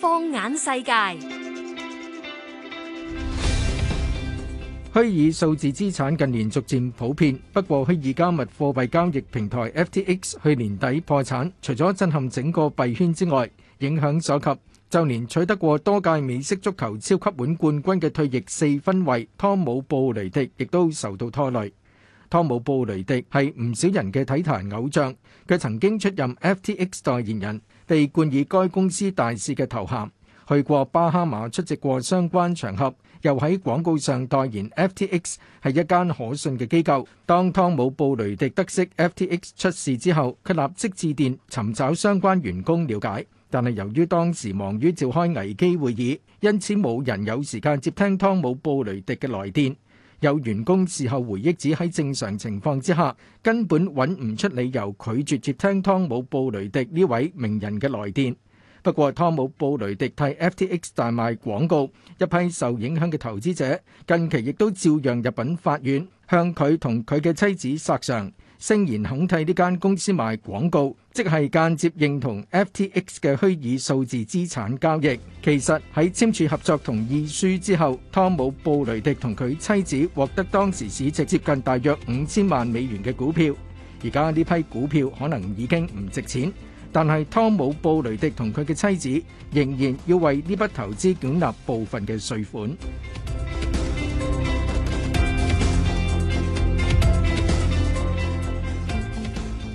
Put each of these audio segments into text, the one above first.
放眼世界，虛擬數字資產近年逐漸普遍。不過，虛擬加密貨幣交易平台 FTX 去年底破產，除咗震撼整個幣圈之外，影響所及，就連取得過多屆美式足球超級碗冠軍嘅退役四分衛湯姆布雷迪，亦都受到拖累。湯姆布雷迪係唔少人嘅體壇偶像，佢曾經出任 FTX 代言人，被冠以該公司大使嘅頭銜，去過巴哈馬出席過相關場合，又喺廣告上代言 FTX 係一間可信嘅機構。當湯姆布雷迪得悉 FTX 出事之後，佢立即致電尋找相關員工了解，但係由於當時忙於召開危機會議，因此冇人有時間接聽湯姆布雷迪嘅來電。有員工事後回憶指喺正常情況之下，根本揾唔出理由拒絕接聽湯姆布雷迪呢位名人嘅來電。不過，湯姆布雷迪替 FTX 大賣廣告，一批受影響嘅投資者近期亦都照樣入稟法院，向佢同佢嘅妻子索償。聲言肯替呢間公司賣廣告，即係間接認同 FTX 嘅虛擬數字資產交易。其實喺簽署合作同意書之後，湯姆布雷迪同佢妻子獲得當時市值接近大約五千萬美元嘅股票。而家呢批股票可能已經唔值錢，但係湯姆布雷迪同佢嘅妻子仍然要為呢筆投資繳納部分嘅稅款。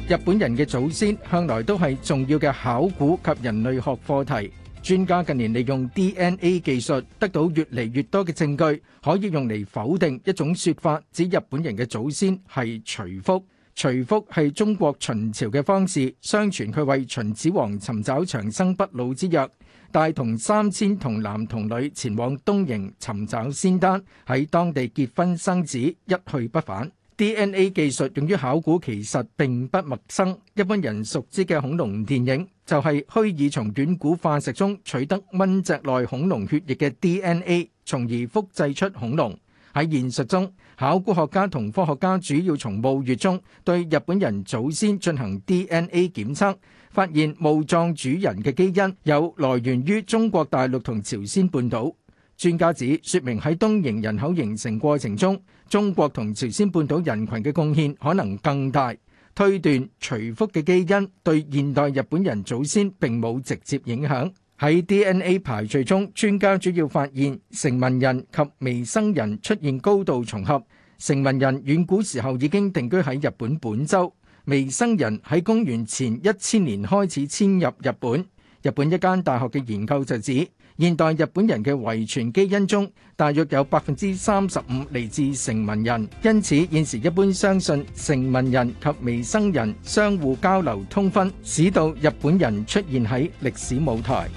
日本人嘅祖先向來都係重要嘅考古及人類學課題。專家近年利用 DNA 技術，得到越嚟越多嘅證據，可以用嚟否定一種説法，指日本人嘅祖先係徐福。徐福係中國秦朝嘅方士，相傳佢為秦始皇尋找長生不老之藥，帶同三千童男童女前往東瀛尋找仙丹，喺當地結婚生子，一去不返。D N A 技術用於考古其實並不陌生，一般人熟知嘅恐龍電影就係虛擬從遠古化石中取得蚊隻內恐龍血液嘅 D N A，從而複製出恐龍。喺現實中，考古學家同科學家主要從墓穴中對日本人祖先進行 D N A 檢測，發現墓葬主人嘅基因有來源於中國大陸同朝鮮半島。專家指，說明喺東瀛人口形成過程中，中國同朝鮮半島人群嘅貢獻可能更大。推斷徐福嘅基因對現代日本人祖先並冇直接影響。喺 DNA 排序中，專家主要發現繩文人及彌生人出現高度重合。繩文人遠古時候已經定居喺日本本州，彌生人喺公元前一千年開始遷入日本。日本一間大學嘅研究就指，現代日本人嘅遺傳基因中，大約有百分之三十五嚟自繩文人，因此現時一般相信繩文人及彌生人相互交流通婚，使到日本人出現喺歷史舞台。